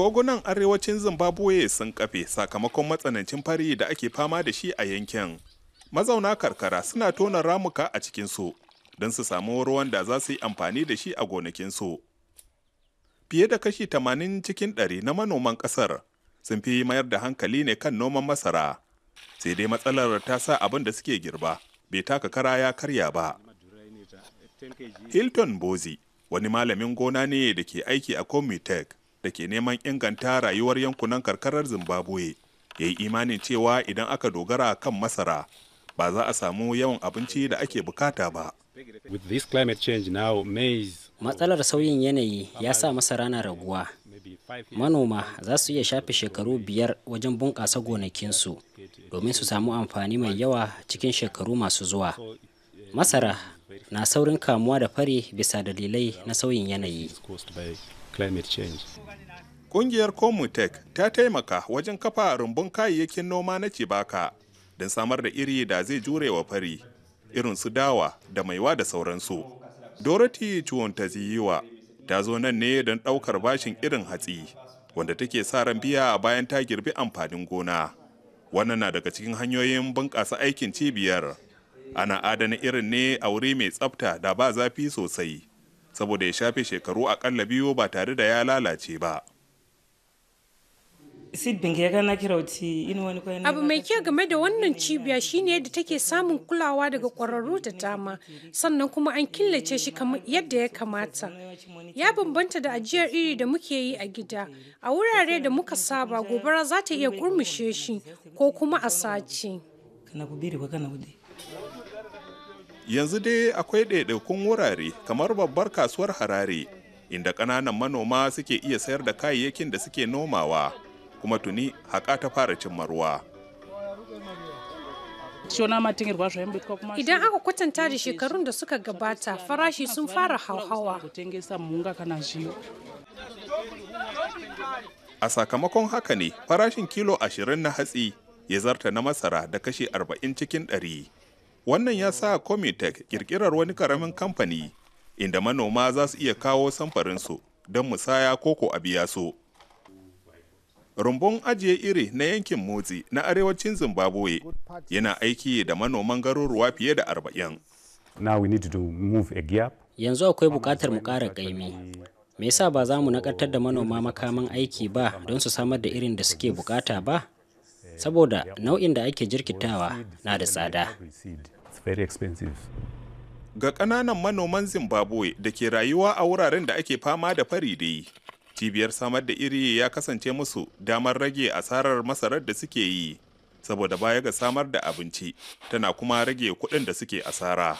kogunan arewacin zimbabwe sun kafe sakamakon matsanancin fari da ake fama da shi a yankin mazauna karkara suna tona ramuka a cikinsu don su samu ruwan da za su yi amfani da shi a gonakinsu fiye da kashi tamanin cikin 100 na manoman kasar sun fi mayar da hankali ne kan noman masara sai dai matsalar ta sa abin da suke girba bai taka kara ya karya ba hilton bozi wani malamin gona ne da ke aiki a comitech da ke neman inganta rayuwar yankunan karkarar zimbabwe ya yi imanin cewa idan aka dogara kan masara ba za a samu yawan abinci da ake bukata ba matsalar sauyin yanayi ya sa masara na raguwa manoma za su iya shafe shekaru biyar wajen bunƙasa gonakinsu domin su samu amfani mai yawa cikin shekaru masu zuwa eh, masara na saurin kamuwa da fari bisa dalilai na sauyin yanayi climate change. Kungiyar Comutech ta taimaka wajen kafa rumbun kayayyakin noma na cibaka don samar da iri da zai jure wa fari irin su dawa da maiwa da sauransu. Dorothy Chuontaziyiwa ta zo nan ne don ɗaukar bashin irin hatsi wanda take sa ran biya bayan ta girbi amfanin gona. Wannan na daga cikin hanyoyin bunƙasa aikin cibiyar. Ana adana irin ne a wuri mai tsafta da ba zafi sosai. saboda ya shafe shekaru akalla biyu ba tare da ya lalace ba abu mai kyau game da wannan cibiya shine yadda take samun kulawa daga kwararru da dama sannan kuma an killace shi yadda ya kamata ya bambanta da ajiyar iri da muke yi a gida a wurare da muka saba gobara za ta iya kurmushe shi ko kuma a sace yanzu dai akwai ɗaiɗaikun wurare kamar babbar kasuwar harare inda ƙananan manoma suke iya sayar da kayayyakin da suke nomawa kuma tuni haƙa ta fara cimma ruwa. Idan aka kwatanta da shekarun da suka gabata farashi sun fara hauhawa. A sakamakon haka ne farashin kilo ashirin na hatsi ya zarta na masara da kashi arba'in cikin ɗari. Wannan ya sa Comitec kirkirar wani karamin kamfani inda manoma za su iya kawo samfarinsu don musaya koko a biya su. Rumbun ajiye iri na yankin Motsi na arewacin Zimbabwe yana aiki da manoman garuruwa fiye da arba'in. Yanzu akwai bukatar mu ƙara ƙaimi. Me yasa ba za mu nakartar da manoma makaman aiki ba don su samar da irin da suke bukata ba? Saboda nau'in da ake jirkitawa na da tsada. It's very expensive. Ga ƙananan manoman Zimbabwe da ke rayuwa a wuraren da ake fama da fari dai, cibiyar samar da iri ya kasance musu damar rage asarar masarar da suke yi saboda baya ga samar da abinci tana kuma rage kuɗin da suke asara.